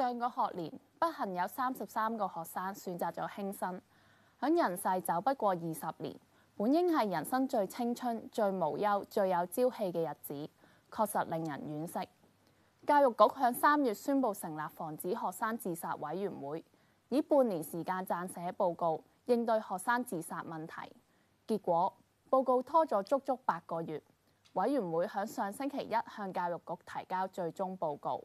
上個學年，不幸有三十三個學生選擇咗輕生，響人世走不過二十年，本應係人生最青春、最無憂、最有朝氣嘅日子，確實令人惋惜。教育局響三月宣布成立防止學生自殺委員會，以半年時間撰寫報告，應對學生自殺問題。結果報告拖咗足足八個月，委員會響上星期一向教育局提交最終報告。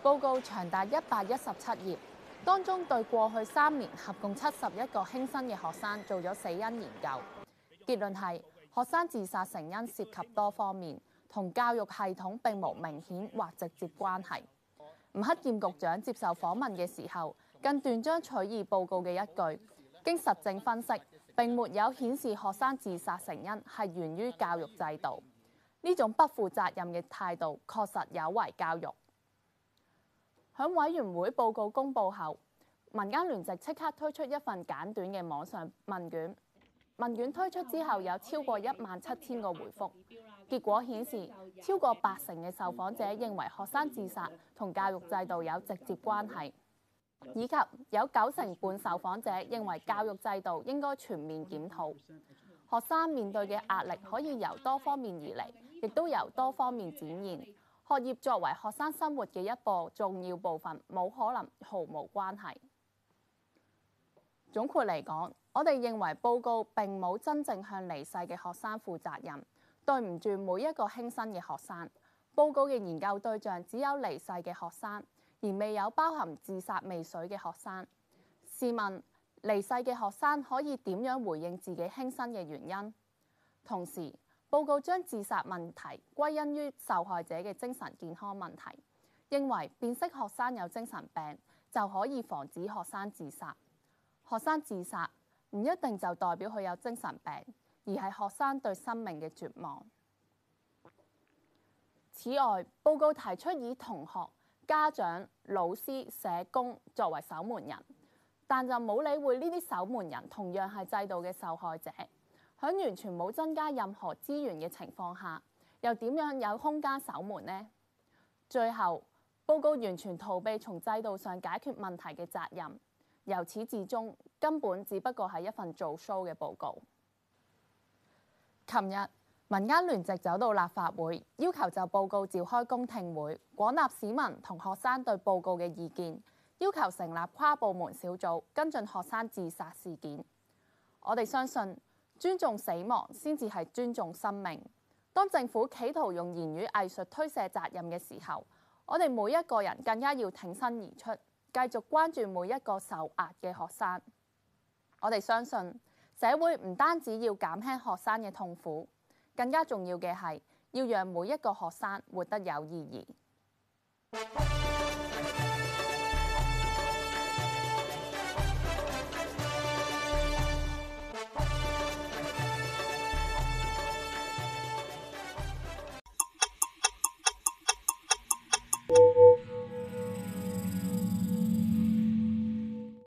報告長達一百一十七頁，當中對過去三年合共七十一個輕生嘅學生做咗死因研究，結論係學生自殺成因涉及多方面，同教育系統並無明顯或直接關係。吳克儉局長接受訪問嘅時候，更斷章取義報告嘅一句，經實證分析並沒有顯示學生自殺成因係源於教育制度，呢種不負責任嘅態度確實有違教育。響委員會報告公佈後，民間聯席即刻推出一份簡短嘅網上問卷。問卷推出之後，有超過一萬七千個回覆。結果顯示，超過八成嘅受訪者認為學生自殺同教育制度有直接關係，以及有九成半受訪者認為教育制度應該全面檢討。學生面對嘅壓力可以由多方面而嚟，亦都由多方面展現。學業作為學生生活嘅一個重要部分，冇可能毫無關係。總括嚟講，我哋認為報告並冇真正向離世嘅學生負責任，對唔住每一個輕生嘅學生。報告嘅研究對象只有離世嘅學生，而未有包含自殺未遂嘅學生。試問離世嘅學生可以點樣回應自己輕生嘅原因？同時報告將自殺問題歸因於受害者嘅精神健康問題，認為辨識學生有精神病就可以防止學生自殺。學生自殺唔一定就代表佢有精神病，而係學生對生命嘅絕望。此外，報告提出以同學、家長、老師、社工作為守門人，但就冇理會呢啲守門人同樣係制度嘅受害者。喺完全冇增加任何資源嘅情況下，又點樣有空間守門呢？最後報告完全逃避從制度上解決問題嘅責任，由始至終根本只不過係一份做 show 嘅報告。琴日民間聯席走到立法會，要求就報告召開公聽會，廣納市民同學生對報告嘅意見，要求成立跨部門小組跟進學生自殺事件。我哋相信，尊重死亡先至係尊重生命。當政府企圖用言語藝術推卸責任嘅時候，我哋每一個人更加要挺身而出，繼續關注每一個受壓嘅學生。我哋相信，社會唔單止要減輕學生嘅痛苦，更加重要嘅係要讓每一個學生活得有意義。